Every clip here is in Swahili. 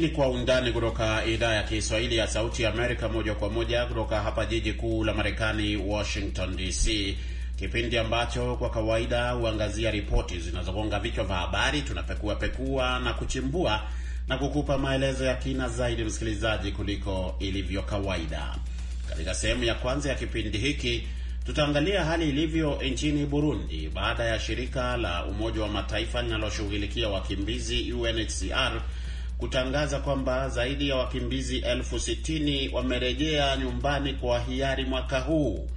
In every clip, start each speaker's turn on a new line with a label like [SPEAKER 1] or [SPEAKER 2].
[SPEAKER 1] Hii ni Kwa Undani kutoka idhaa ya Kiswahili ya Sauti ya Amerika, moja kwa moja kutoka hapa jiji kuu la Marekani, Washington DC, kipindi ambacho kwa kawaida huangazia ripoti zinazogonga vichwa vya habari. Tunapekua pekua na kuchimbua na kukupa maelezo ya kina zaidi, msikilizaji, kuliko ilivyo kawaida. Katika sehemu ya kwanza ya kipindi hiki tutaangalia hali ilivyo nchini Burundi baada ya shirika la Umoja wa Mataifa linaloshughulikia wakimbizi UNHCR kutangaza kwamba zaidi ya wakimbizi elfu sitini wamerejea nyumbani kwa hiari mwaka huu.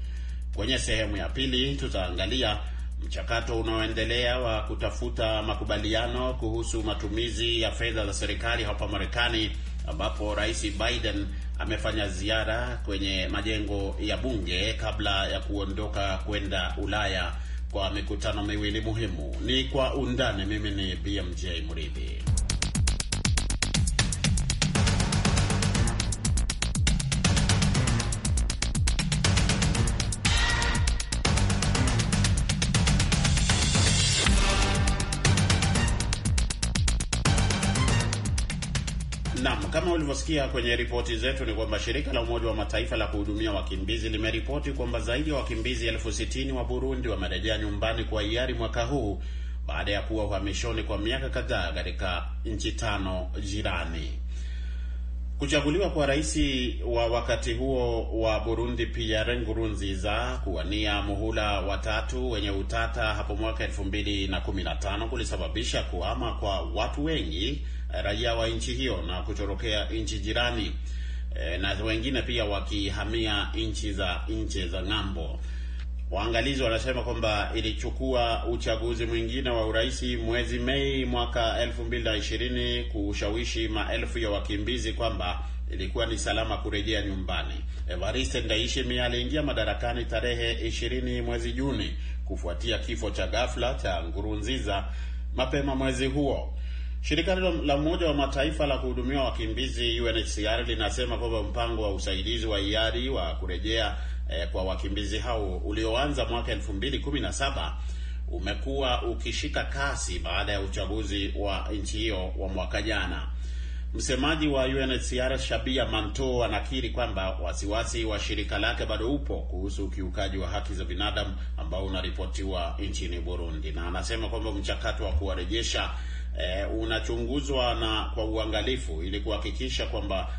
[SPEAKER 1] Kwenye sehemu ya pili tutaangalia mchakato unaoendelea wa kutafuta makubaliano kuhusu matumizi ya fedha za serikali hapa Marekani, ambapo Rais Biden amefanya ziara kwenye majengo ya bunge kabla ya kuondoka kwenda Ulaya kwa mikutano miwili muhimu. Ni kwa undani. Mimi ni BMJ Mridhi. Kama ulivyosikia kwenye ripoti zetu, ni kwamba shirika la Umoja wa Mataifa la kuhudumia wakimbizi limeripoti kwamba zaidi ya wakimbizi elfu sitini wa Burundi wamerejea nyumbani kwa hiari mwaka huu baada ya kuwa uhamishoni kwa miaka kadhaa katika nchi tano jirani. Kuchaguliwa kwa rais wa wakati huo wa Burundi Pierre Nkurunziza kuwania muhula watatu wenye utata hapo mwaka 2015 kulisababisha kuhama kwa watu wengi, raia wa nchi hiyo na kutorokea nchi jirani, e, na wengine pia wakihamia nchi za nchi za ng'ambo. Waangalizi wanasema kwamba ilichukua uchaguzi mwingine wa urais mwezi Mei mwaka 2020 kushawishi maelfu ya wakimbizi kwamba ilikuwa ni salama kurejea nyumbani. Evariste Ndayishimiye aliingia madarakani tarehe 20 mwezi Juni kufuatia kifo cha ghafla cha ngurunziza mapema mwezi huo. Shirika la Umoja wa Mataifa la kuhudumia wakimbizi UNHCR linasema kwamba mpango wa usaidizi wa hiari wa kurejea eh, kwa wakimbizi hao ulioanza mwaka 2017 umekuwa ukishika kasi baada ya uchaguzi wa nchi hiyo wa mwaka jana. Msemaji wa UNHCR Shabia Manto anakiri kwamba wasiwasi wa shirika lake bado upo kuhusu ukiukaji wa haki za binadamu ambao unaripotiwa nchini Burundi, na anasema kwamba mchakato wa kuwarejesha e, unachunguzwa na kwa uangalifu ili kuhakikisha kwamba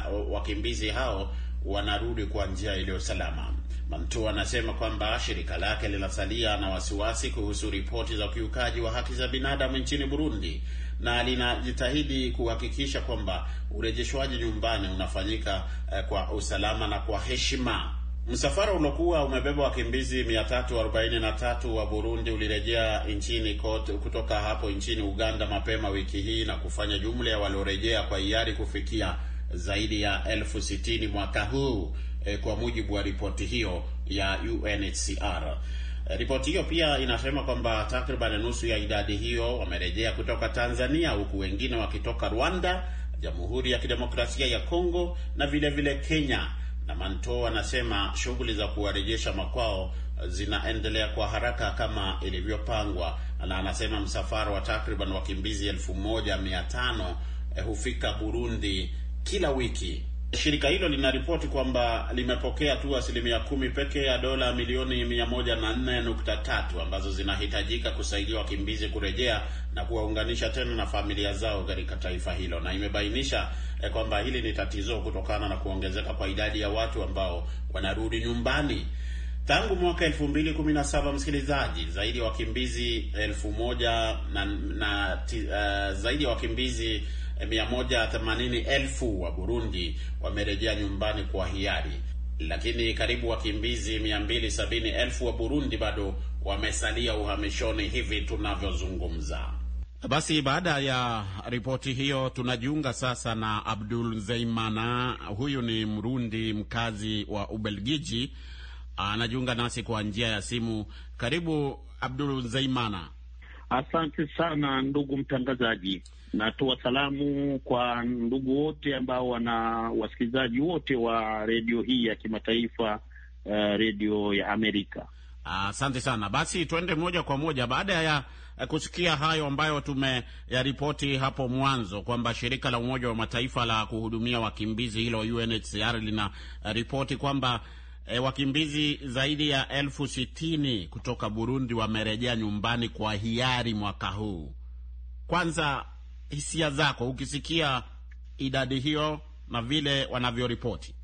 [SPEAKER 1] e, wakimbizi hao wanarudi kwa njia iliyo salama. Mantua anasema kwamba shirika lake linasalia na wasiwasi kuhusu ripoti za ukiukaji wa haki za binadamu nchini Burundi na linajitahidi kuhakikisha kwamba urejeshwaji nyumbani unafanyika eh, kwa usalama na kwa heshima. Msafara uliokuwa umebeba wakimbizi 343 wa Burundi ulirejea nchini kote kutoka hapo nchini Uganda mapema wiki hii na kufanya jumla ya waliorejea kwa hiari kufikia zaidi ya elfu sitini mwaka huu e, kwa mujibu wa ripoti hiyo ya UNHCR. Eh, ripoti hiyo pia inasema kwamba takriban nusu ya idadi hiyo wamerejea kutoka Tanzania, huku wengine wakitoka Rwanda, Jamhuri ya Kidemokrasia ya Kongo na vile vile Kenya. Na Manto anasema shughuli za kuwarejesha makwao zinaendelea kwa haraka kama ilivyopangwa, na anasema msafara wa takriban wakimbizi elfu moja mia tano eh, hufika Burundi kila wiki. Shirika hilo linaripoti kwamba limepokea tu asilimia kumi pekee ya dola milioni tatu ambazo zinahitajika kusaidia wakimbizi kurejea na kuwaunganisha tena na familia zao katika taifa hilo, na imebainisha eh, kwamba hili ni tatizo kutokana na kuongezeka kwa idadi ya watu ambao wanarudi nyumbani. Tangu mwaka 2017 msikilizaji, zaidi ya wakimbizi elfu moja na, na, uh, zaidi ya wakimbizi 180,000 eh, wa Burundi wamerejea nyumbani kwa hiari, lakini karibu wakimbizi 270,000 wa Burundi bado wamesalia uhamishoni hivi tunavyozungumza. Basi baada ya ripoti hiyo, tunajiunga sasa na Abdul Zeimana. Huyu ni Mrundi mkazi wa Ubelgiji, anajiunga nasi kwa njia ya
[SPEAKER 2] simu. Karibu Abdul Zeimana. Asante sana ndugu mtangazaji. Natoa salamu kwa ndugu wote ambao wana wasikilizaji wote wa redio hii ya kimataifa, uh, redio ya Amerika.
[SPEAKER 1] Asante ah, sana. Basi tuende moja kwa moja baada ya eh, kusikia hayo ambayo tumeyaripoti hapo mwanzo kwamba shirika la Umoja wa Mataifa la kuhudumia wakimbizi hilo UNHCR lina eh, ripoti kwamba e, wakimbizi zaidi ya elfu sitini kutoka Burundi wamerejea nyumbani kwa hiari mwaka huu. Kwanza hisia zako ukisikia idadi hiyo na vile wanavyoripoti?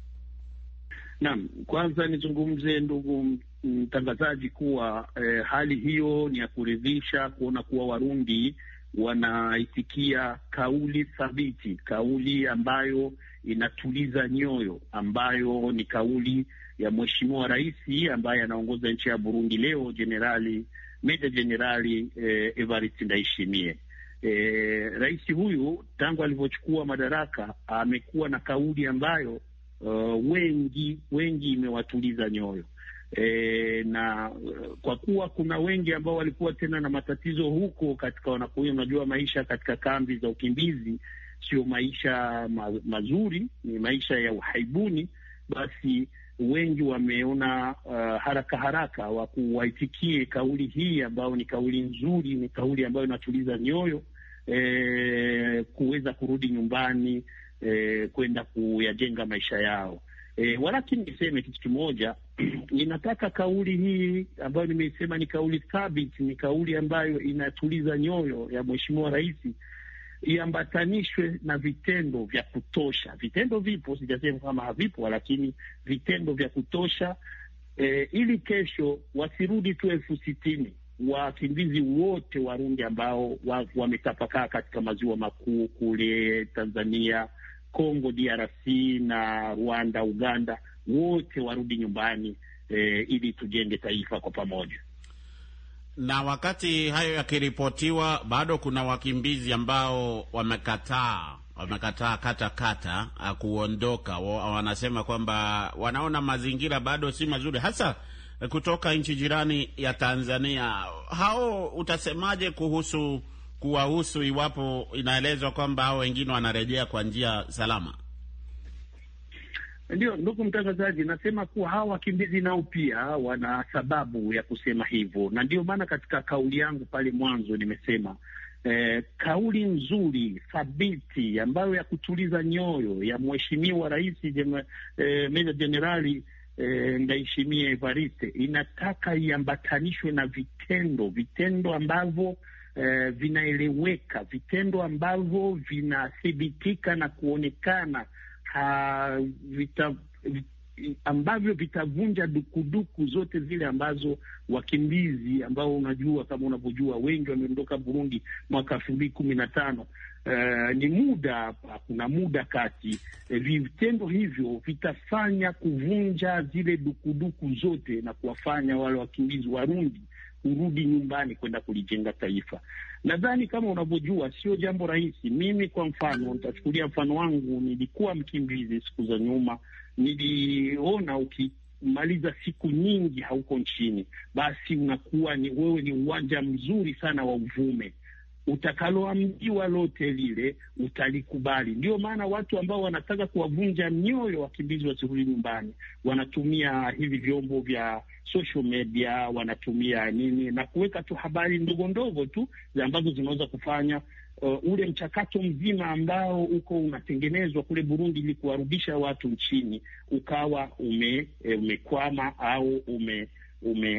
[SPEAKER 2] Naam, kwanza nizungumze ndugu mtangazaji kuwa eh, hali hiyo ni ya kuridhisha kuona kuwa Warundi wanaitikia kauli thabiti, kauli ambayo inatuliza nyoyo, ambayo ni kauli ya Mheshimiwa Rais ambaye anaongoza nchi ya Burundi leo, Jenerali Meja Jenerali eh, Evariste Ndayishimiye e, rais huyu tangu alivyochukua madaraka amekuwa na kauli ambayo uh, wengi wengi imewatuliza nyoyo e, na kwa kuwa kuna wengi ambao walikuwa tena na matatizo huko katika wanakuya, unajua maisha katika kambi za ukimbizi sio maisha ma, mazuri, ni maisha ya uhaibuni basi wengi wameona uh, haraka haraka wakuwaitikie kauli hii ambayo ni kauli nzuri, ni kauli ambayo inatuliza nyoyo e, kuweza kurudi nyumbani e, kwenda kuyajenga maisha yao e, eh, walakini niseme kitu kimoja ninataka kauli hii ambayo nimeisema ni kauli thabiti, ni kauli ambayo inatuliza nyoyo ya Mheshimiwa Rais iambatanishwe na vitendo vya kutosha. Vitendo vipo, sijasema kama havipo, lakini vitendo vya kutosha e, ili kesho wasirudi tu elfu sitini wakimbizi wote Warundi ambao wametapakaa wa katika maziwa makuu kule Tanzania, Congo DRC na Rwanda, Uganda, wote warudi nyumbani e, ili tujenge taifa kwa pamoja.
[SPEAKER 1] Na wakati hayo yakiripotiwa, bado kuna wakimbizi ambao wamekataa wamekataa katakata ah, kuondoka. Wanasema kwamba wanaona mazingira bado si mazuri, hasa kutoka nchi jirani ya Tanzania. Hao utasemaje kuhusu kuwahusu, iwapo inaelezwa kwamba hao wengine wanarejea kwa njia salama?
[SPEAKER 2] Ndio, ndugu mtangazaji, nasema kuwa hawa wakimbizi nao pia wana sababu ya kusema hivyo, na ndio maana katika kauli yangu pale mwanzo nimesema eh, kauli nzuri thabiti, ambayo ya kutuliza nyoyo ya mheshimiwa Rais eh, Meja Jenerali eh, Ndayishimiye Evariste inataka iambatanishwe na vitendo, vitendo ambavyo eh, vinaeleweka, vitendo ambavyo vinathibitika na kuonekana uh, vita, ambavyo vitavunja dukuduku zote zile ambazo wakimbizi ambao unajua kama unavyojua wengi wameondoka Burundi mwaka elfu mbili kumi na tano. Uh, ni muda hapa, kuna muda kati. Vitendo hivyo vitafanya kuvunja zile dukuduku zote na kuwafanya wale wakimbizi Warundi urudi nyumbani kwenda kulijenga taifa. Nadhani kama unavyojua, sio jambo rahisi. Mimi kwa mfano, nitachukulia mfano wangu, nilikuwa mkimbizi siku za nyuma, niliona uki maliza siku nyingi hauko nchini, basi unakuwa ni wewe ni uwanja mzuri sana wa uvume utakaloambiwa lote lile utalikubali. Ndio maana watu ambao wanataka kuwavunja mioyo wakimbizi wasirudi nyumbani wanatumia hivi vyombo vya social media, wanatumia nini na kuweka tu habari ndogo ndogo tu ambazo zinaweza kufanya uh, ule mchakato mzima ambao uko unatengenezwa kule Burundi ili kuwarudisha watu nchini ukawa ume, eh, umekwama au ume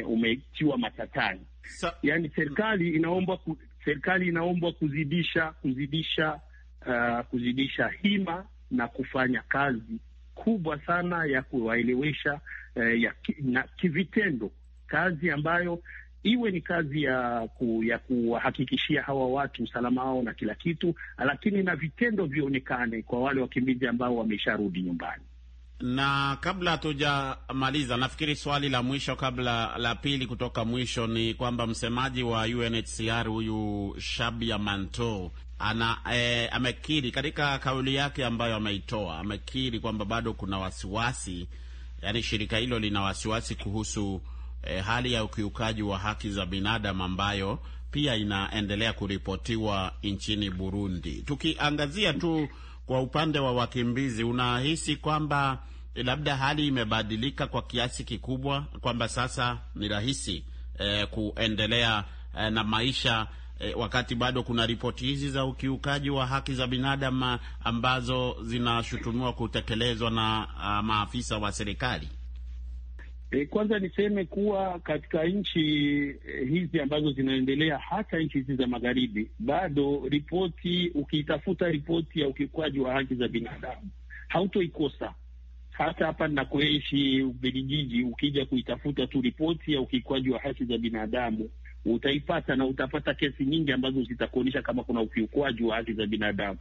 [SPEAKER 2] umetiwa ume matatani. Sa yani serikali inaombwa ku, serikali inaombwa kuzidisha kuzidisha uh, kuzidisha hima na kufanya kazi kubwa sana ya kuwaelewesha uh, ya ki, na kivitendo, kazi ambayo iwe ni kazi ya ku, ya kuwahakikishia hawa watu usalama wao na kila kitu, lakini na vitendo vionekane kwa wale wakimbizi ambao wamesharudi nyumbani.
[SPEAKER 1] Na kabla hatujamaliza, nafikiri swali la mwisho kabla la pili kutoka mwisho ni kwamba msemaji wa UNHCR huyu Shabia Manto ana e, amekiri katika kauli yake ambayo ameitoa, amekiri kwamba bado kuna wasiwasi, yani shirika hilo lina wasiwasi kuhusu e, hali ya ukiukaji wa haki za binadamu ambayo pia inaendelea kuripotiwa nchini Burundi. Tukiangazia tu kwa upande wa wakimbizi, unahisi kwamba eh, labda hali imebadilika kwa kiasi kikubwa, kwamba sasa ni rahisi eh, kuendelea eh, na maisha eh, wakati bado kuna ripoti hizi za ukiukaji wa haki za binadamu ah, ambazo zinashutumiwa kutekelezwa na ah, maafisa wa serikali?
[SPEAKER 2] E, kwanza niseme kuwa katika nchi e, hizi ambazo zinaendelea hata nchi hizi za magharibi, bado ripoti, ukiitafuta ripoti ya ukiukwaji wa haki za binadamu hautoikosa. Hata hapa ninakoishi Ubelgiji, ukija kuitafuta tu ripoti ya ukiukwaji wa haki za binadamu utaipata, na utapata kesi nyingi ambazo zitakuonyesha kama kuna ukiukwaji wa haki za binadamu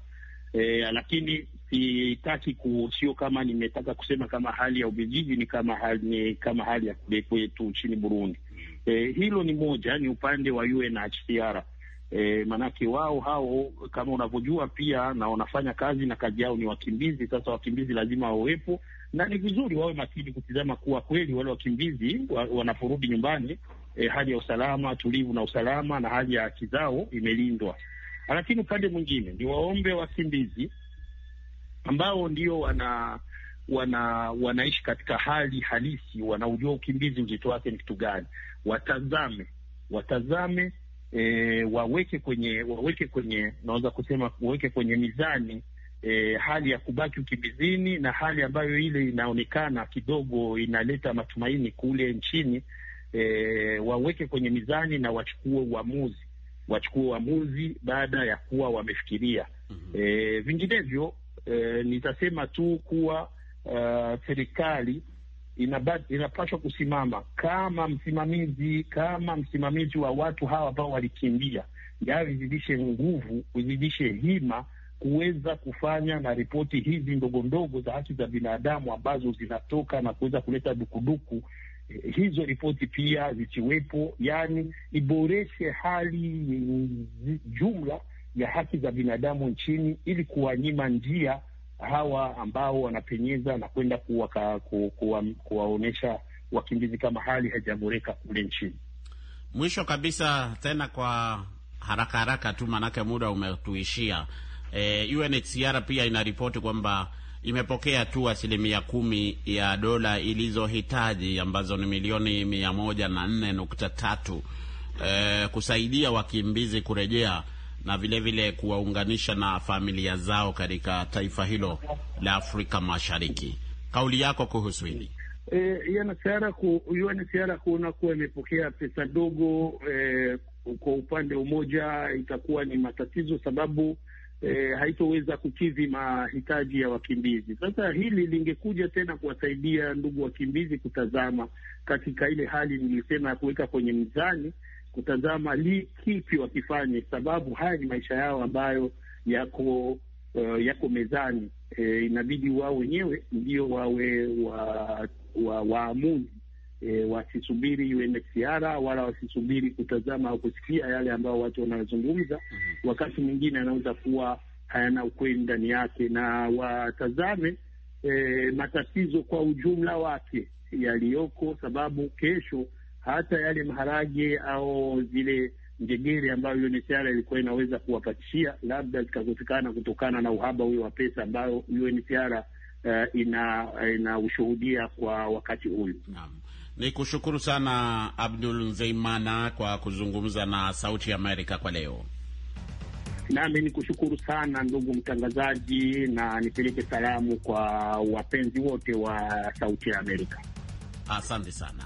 [SPEAKER 2] e, lakini sitaki sio kama nimetaka kusema kama hali ya ubijiji ni kama hali, ni kama hali ya kule kwetu nchini Burundi. E, hilo ni moja, ni upande wa UNHCR. E, eh, maanake wao hao kama unavyojua pia na wanafanya kazi na kazi yao ni wakimbizi. Sasa wakimbizi lazima wawepo, na ni vizuri wawe makini kutizama kuwa kweli wale wakimbizi wa, wanaporudi nyumbani e, hali ya usalama tulivu na usalama na hali ya haki zao imelindwa. Lakini upande mwingine ni waombe wakimbizi ambao ndio wana wana wanaishi katika hali halisi, wanaujua ukimbizi uzito wake ni kitu gani, watazame watazame e, waweke kwenye waweke kwenye naweza kusema waweke kwenye mizani e, hali ya kubaki ukimbizini na hali ambayo ile inaonekana kidogo inaleta matumaini kule nchini e, waweke kwenye mizani na wachukue uamuzi wachukue uamuzi baada ya kuwa wamefikiria. mm -hmm. E, vinginevyo e, nitasema tu kuwa uh, serikali inapaswa kusimama kama msimamizi kama msimamizi wa watu hawa ambao walikimbia, yaani izidishe nguvu, izidishe hima kuweza kufanya na ripoti hizi ndogo ndogo za haki za binadamu ambazo zinatoka na kuweza kuleta dukuduku hizo ripoti pia zikiwepo, yani iboreshe hali jumla ya haki za binadamu nchini, ili kuwanyima njia hawa ambao wanapenyeza na kwenda kuwaonyesha kuwa, kuwa, wakimbizi kama hali haijaboreka kule nchini.
[SPEAKER 1] Mwisho kabisa, tena kwa haraka haraka tu, maanake muda umetuishia. E, eh, UNHCR pia inaripoti kwamba imepokea tu asilimia kumi ya dola ilizohitaji ambazo ni milioni mia moja na nne nukta tatu e, kusaidia wakimbizi kurejea na vilevile kuwaunganisha na familia zao katika taifa hilo la Afrika Mashariki. Kauli yako kuhusu hili?
[SPEAKER 2] Eh, UNHCR kuona kuwa imepokea pesa ndogo e, kwa upande umoja itakuwa ni matatizo, sababu e, haitoweza kukidhi mahitaji ya wakimbizi. Sasa hili lingekuja tena kuwasaidia ndugu wakimbizi kutazama katika ile hali nilisema ya kuweka kwenye mzani, kutazama li kipi wakifanye, sababu haya ni maisha yao ambayo yako uh, yako mezani. E, inabidi wao wenyewe ndio wawe wa, wa, waamuzi e, wasisubiri UNHCR wala wasisubiri kutazama au kusikia yale ambayo watu wanazungumza. mm -hmm. Wakati mwingine anaweza kuwa hayana ukweli ndani yake, na watazame e, matatizo kwa ujumla wake yaliyoko, sababu kesho hata yale maharage au zile ngegere ambayo UNHCR ilikuwa inaweza kuwapatishia labda zikakosekana kutokana na uhaba huyo wa pesa ambayo UNHCR uh, e, ina e, ushuhudia kwa wakati huyu. Naam.
[SPEAKER 1] Ni kushukuru sana Abdul Nzeimana kwa kuzungumza na Sauti Amerika kwa leo.
[SPEAKER 2] Nami ni kushukuru sana ndugu mtangazaji, na nipeleke salamu kwa wapenzi wote wa Sauti ya Amerika.
[SPEAKER 1] Asante sana.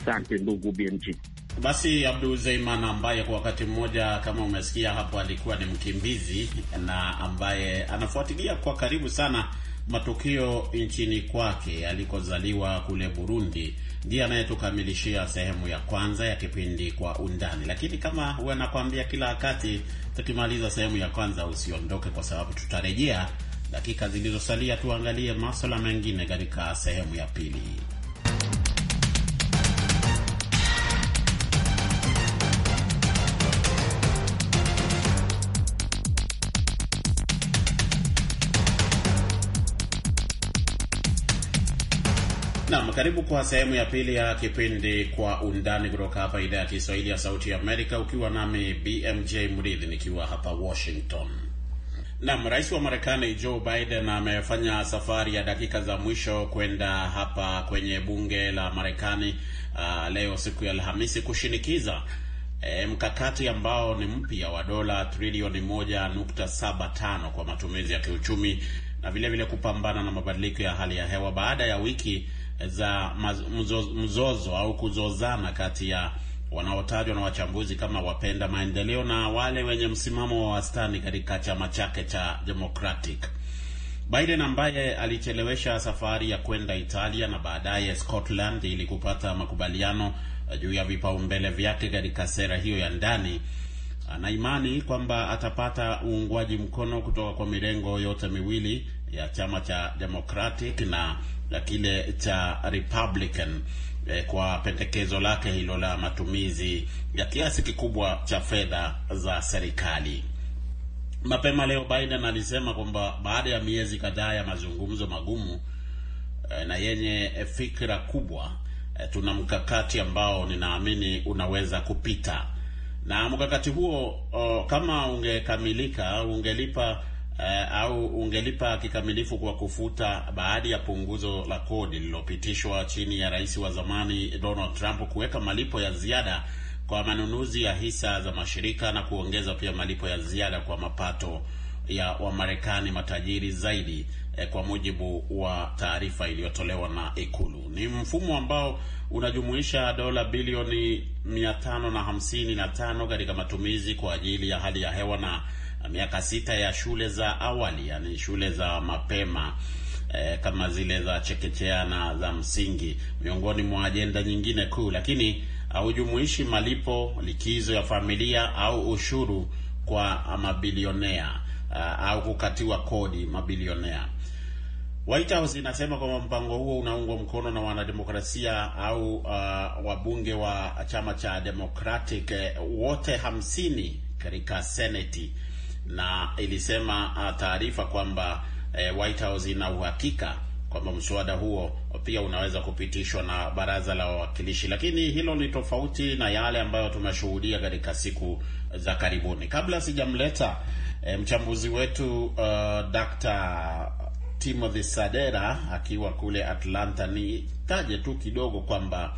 [SPEAKER 2] Asante ndugu BMG.
[SPEAKER 1] Basi Abdul Zeiman ambaye kwa wakati mmoja kama umesikia hapo alikuwa ni mkimbizi na ambaye anafuatilia kwa karibu sana matukio nchini kwake alikozaliwa kule Burundi. Ndiye anayetukamilishia sehemu ya kwanza ya kipindi Kwa Undani, lakini kama huwa nakwambia kila wakati, tukimaliza sehemu ya kwanza usiondoke, kwa sababu tutarejea dakika zilizosalia tuangalie maswala mengine katika sehemu ya pili. Naam, karibu kwa sehemu ya pili ya kipindi Kwa Undani kutoka hapa idhaa ya Kiswahili ya Sauti ya Amerika, ukiwa nami BMJ Mridhi nikiwa hapa Washington. Naam, rais wa Marekani Joe Biden amefanya safari ya dakika za mwisho kwenda hapa kwenye bunge la Marekani uh, leo siku ya Alhamisi kushinikiza E, mkakati ambao ni mpya wa dola trilioni tano kwa matumizi ya kiuchumi na vilevile vile kupambana na mabadiliko ya hali ya hewa baada ya wiki za mzozo, mzozo au kuzozana kati ya wanaotajwa na wachambuzi kama wapenda maendeleo na wale wenye msimamo wa wastani katika chama chake cha Democratic. Biden ambaye alichelewesha safari ya kwenda Italia na baadaye Scotland ili kupata makubaliano eh, juu ya vipaumbele vyake katika sera hiyo ya ndani anaimani kwamba atapata uungwaji mkono kutoka kwa mirengo yote miwili ya chama cha Democratic na ya kile cha Republican eh, kwa pendekezo lake hilo la matumizi ya kiasi kikubwa cha fedha za serikali. Mapema leo Biden alisema kwamba baada ya miezi kadhaa ya mazungumzo magumu eh, na yenye fikra kubwa eh, tuna mkakati ambao ninaamini unaweza kupita na mkakati huo o, kama ungekamilika ungelipa Uh, au ungelipa kikamilifu kwa kufuta baadhi ya punguzo la kodi lililopitishwa chini ya rais wa zamani Donald Trump kuweka malipo ya ziada kwa manunuzi ya hisa za mashirika na kuongeza pia malipo ya ziada kwa mapato ya Wamarekani matajiri zaidi eh, kwa mujibu wa taarifa iliyotolewa na Ikulu. Ni mfumo ambao unajumuisha dola bilioni 555 katika matumizi kwa ajili ya hali ya hewa na miaka sita ya shule za awali, yani shule za mapema eh, kama zile za chekechea na za msingi, miongoni mwa ajenda nyingine kuu, lakini haujumuishi malipo, likizo ya familia au ushuru kwa mabilionea uh, au kukatiwa kodi mabilionea. White House inasema kwamba mpango huo unaungwa mkono na wanademokrasia au uh, wabunge wa chama cha Democratic eh, wote hamsini katika seneti, na ilisema uh, taarifa kwamba uh, White House ina uhakika kwamba mswada huo pia unaweza kupitishwa na baraza la wawakilishi, lakini hilo ni tofauti na yale ambayo tumeshuhudia katika siku za karibuni. Kabla sijamleta E, mchambuzi wetu uh, Dr. Timothy Sadera akiwa kule Atlanta. Nitaje tu kidogo kwamba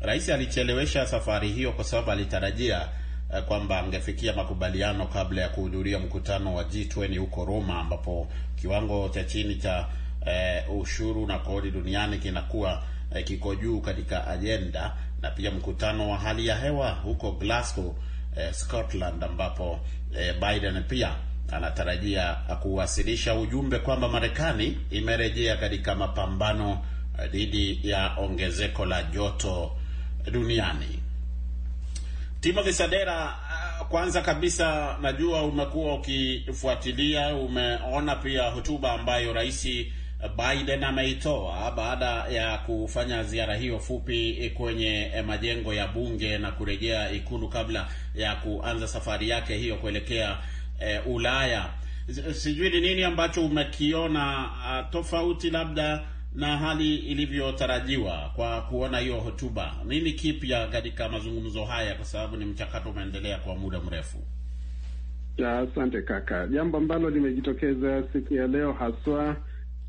[SPEAKER 1] rais alichelewesha safari hiyo kwa sababu alitarajia uh, kwamba angefikia makubaliano kabla ya kuhudhuria mkutano wa G20 huko Roma, ambapo kiwango cha chini cha uh, ushuru na kodi duniani kinakuwa uh, kiko juu katika ajenda, na pia mkutano wa hali ya hewa huko Glasgow eh, Scotland ambapo eh, Biden pia anatarajia kuwasilisha ujumbe kwamba Marekani imerejea katika mapambano eh, dhidi ya ongezeko la joto duniani. Timothy Sadera, eh, kwanza kabisa najua umekuwa ukifuatilia, umeona pia hotuba ambayo rais Biden ameitoa baada ya kufanya ziara hiyo fupi eh, kwenye eh, majengo ya bunge na kurejea ikulu kabla ya kuanza safari yake hiyo kuelekea e, Ulaya. Sijui ni nini ambacho umekiona ah, tofauti labda na hali ilivyotarajiwa kwa kuona hiyo hotuba. Nini kipya katika mazungumzo haya, kwa sababu ni mchakato umeendelea kwa muda mrefu?
[SPEAKER 3] Asante kaka. Jambo ambalo limejitokeza siku ya leo haswa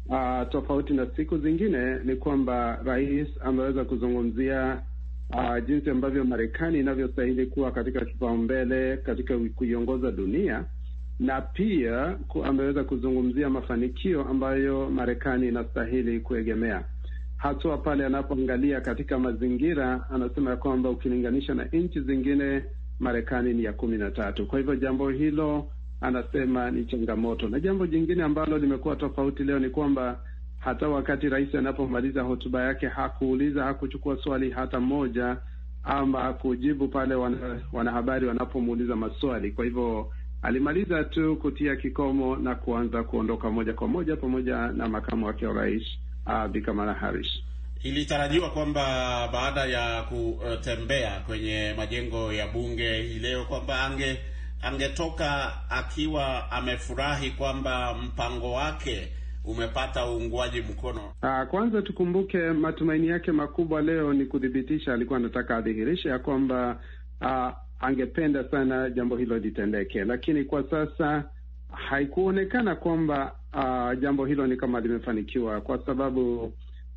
[SPEAKER 3] uh, tofauti na siku zingine ni kwamba rais ameweza kuzungumzia uh, jinsi ambavyo Marekani inavyostahili kuwa katika kipaumbele katika kuiongoza dunia na pia ameweza kuzungumzia mafanikio ambayo Marekani inastahili kuegemea haswa pale anapoangalia katika mazingira. Anasema ya kwamba ukilinganisha na nchi zingine Marekani ni ya kumi na tatu. Kwa hivyo jambo hilo anasema ni changamoto. Na jambo jingine ambalo limekuwa tofauti leo ni kwamba hata wakati rais anapomaliza hotuba yake hakuuliza, hakuchukua swali hata moja ama kujibu pale wana, wanahabari wanapomuuliza maswali. Kwa hivyo alimaliza tu kutia kikomo na kuanza kuondoka moja kwa moja pamoja na makamu wake wa rais uh, ah, Bi Kamala Harris.
[SPEAKER 1] Ilitarajiwa kwamba baada ya kutembea kwenye majengo ya bunge hii leo kwamba ange angetoka akiwa amefurahi kwamba mpango wake umepata uungwaji mkono.
[SPEAKER 3] Aa, ah, kwanza tukumbuke matumaini yake makubwa leo ni kuthibitisha, alikuwa anataka adhihirishe ya kwamba ah, angependa sana jambo hilo litendeke, lakini kwa sasa haikuonekana kwamba aa, ah, jambo hilo ni kama limefanikiwa, kwa sababu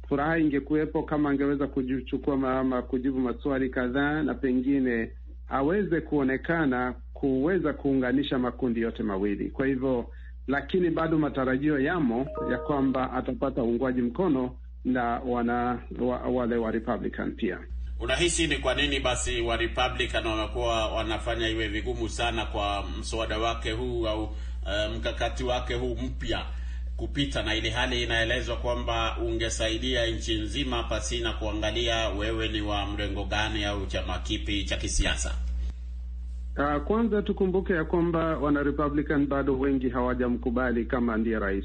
[SPEAKER 3] furaha ingekuwepo kama angeweza kuchukua ama kujibu maswali kadhaa na pengine aweze kuonekana kuweza kuunganisha makundi yote mawili. Kwa hivyo, lakini bado matarajio yamo ya kwamba atapata uungwaji mkono na wana wa, wale wa Republican pia.
[SPEAKER 1] Unahisi ni kwa nini basi wa Republican wamekuwa wanafanya iwe vigumu sana kwa mswada wake huu au uh, mkakati wake huu mpya kupita, na ili hali inaelezwa kwamba ungesaidia nchi nzima pasina kuangalia wewe ni wa mrengo gani au chama kipi cha kisiasa.
[SPEAKER 3] Uh, kwanza tukumbuke ya kwamba wana Republican bado wengi hawajamkubali kama ndiye rais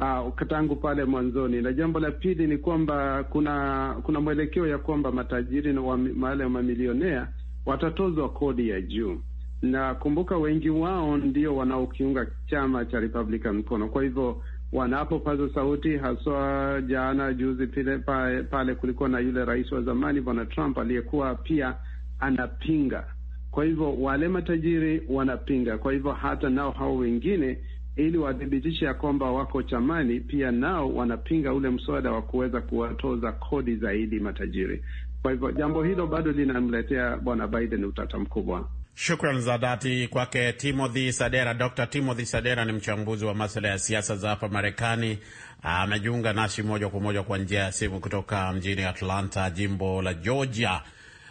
[SPEAKER 3] uh, tangu pale mwanzoni, na jambo la pili ni kwamba kuna kuna mwelekeo ya kwamba matajiri na wale mamilionea watatozwa kodi ya juu, na kumbuka wengi wao ndio wanaokiunga chama cha Republican mkono. Kwa hivyo wanapopaza sauti, haswa jana juzi pile pale, pale kulikuwa na yule rais wa zamani bwana Trump aliyekuwa pia anapinga. Kwa hivyo wale matajiri wanapinga, kwa hivyo hata nao hao wengine ili wathibitishe ya kwamba wako chamani, pia nao wanapinga ule mswada wa kuweza kuwatoza kodi zaidi matajiri. Kwa hivyo jambo hilo bado linamletea bwana Biden utata mkubwa.
[SPEAKER 1] Shukran za dhati kwake Timothy Sadera. Dr Timothy Sadera ni mchambuzi wa masuala ya siasa za hapa Marekani. Amejiunga nasi moja kwa moja kwa njia ya simu kutoka mjini Atlanta, jimbo la Georgia,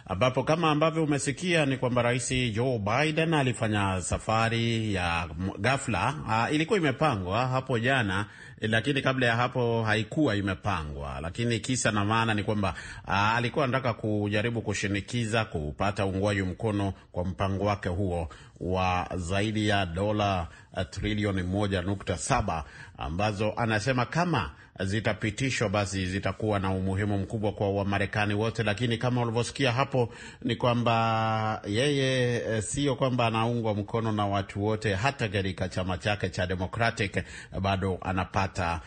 [SPEAKER 1] ambapo kama ambavyo umesikia ni kwamba Rais Joe Biden alifanya safari ya ghafla. Ah, ilikuwa imepangwa hapo jana Eh, lakini kabla ya hapo haikuwa imepangwa. Lakini kisa na maana ni kwamba ah, alikuwa anataka kujaribu kushinikiza kupata uungwaji mkono kwa mpango wake huo wa zaidi ya dola eh, trilioni moja nukta saba ambazo anasema kama zitapitishwa, basi zitakuwa na umuhimu mkubwa kwa Wamarekani wote. Lakini kama ulivyosikia hapo, ni kwamba yeye eh, sio kwamba anaungwa mkono na watu wote, hata katika chama chake cha Democratic eh, bado anapata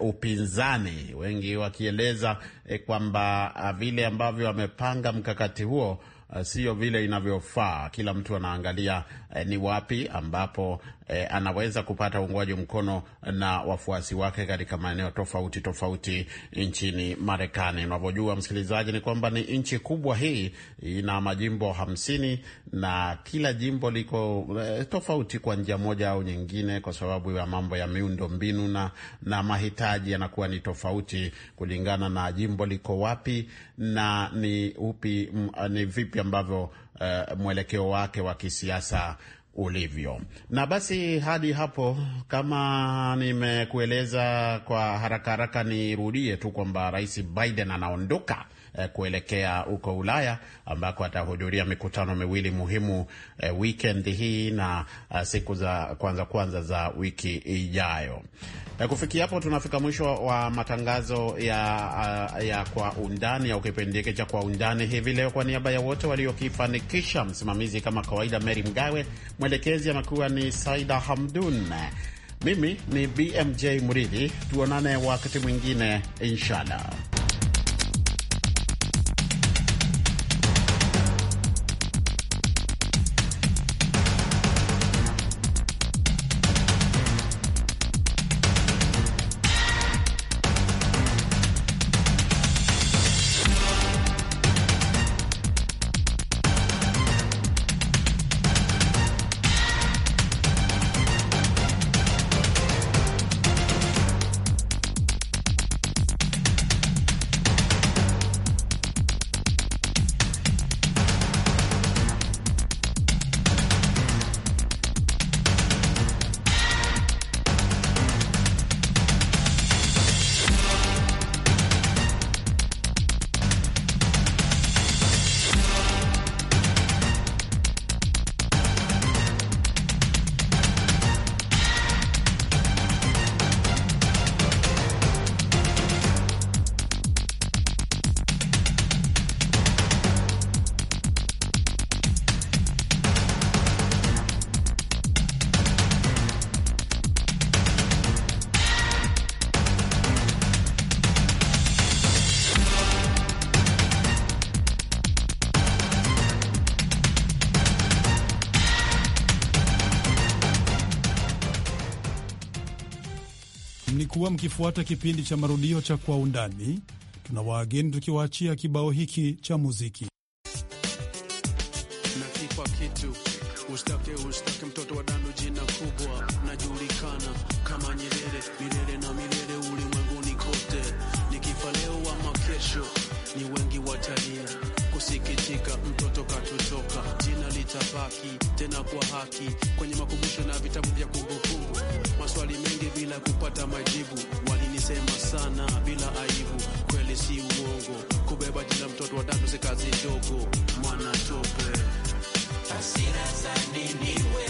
[SPEAKER 1] uh, upinzani, wengi wakieleza eh, kwamba vile ambavyo amepanga mkakati huo Eh, sio vile inavyofaa. Kila mtu anaangalia eh, ni wapi ambapo eh, anaweza kupata uungwaji mkono na wafuasi wake katika maeneo tofauti tofauti nchini Marekani. Unavyojua msikilizaji, ni kwamba ni nchi kubwa hii, ina majimbo hamsini na kila jimbo liko eh, tofauti kwa njia moja au nyingine, kwa sababu ya mambo ya miundo mbinu na, na mahitaji yanakuwa ni tofauti kulingana na jimbo liko wapi na ni upi m, ni vipi ambavyo uh, mwelekeo wake wa kisiasa ulivyo. Na basi hadi hapo, kama nimekueleza kwa haraka haraka, nirudie tu kwamba Rais Biden anaondoka eh, kuelekea huko Ulaya ambako atahudhuria mikutano miwili muhimu eh, weekend hii na eh, siku za kwanza kwanza za wiki ijayo. Eh, kufikia hapo tunafika mwisho wa matangazo ya, eh, ya kwa undani au kipindi hiki cha kwa undani hivi leo. Kwa niaba ya wote waliokifanikisha, msimamizi kama kawaida Mary Mgawe, mwelekezi amekuwa ni Saida Hamdun. Mimi ni BMJ Muridhi, tuonane wakati mwingine inshallah.
[SPEAKER 3] mlikuwa mkifuata kipindi cha marudio cha Kwa Undani. Tuna waageni tukiwaachia kibao hiki cha muziki na kipa
[SPEAKER 4] kitu ustake ustake mtoto wa dandu, jina kubwa najulikana kama Nyerere, milele na milele, ulimwenguni kote. Nikifa leo ama kesho, ni wengi watalia Kusikitika, mtoto katotoka, jina litabaki tena kwa haki kwenye makumbusho na vitabu vya kumbukumbu. Maswali mengi bila kupata majibu, walinisema sana bila aibu, kweli si uongo, kubeba jina mtoto wa dadu si kazi ndogo, mwana tope. Hasira za nini we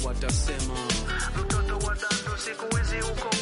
[SPEAKER 4] watasema mtoto wa dando siku hizi uko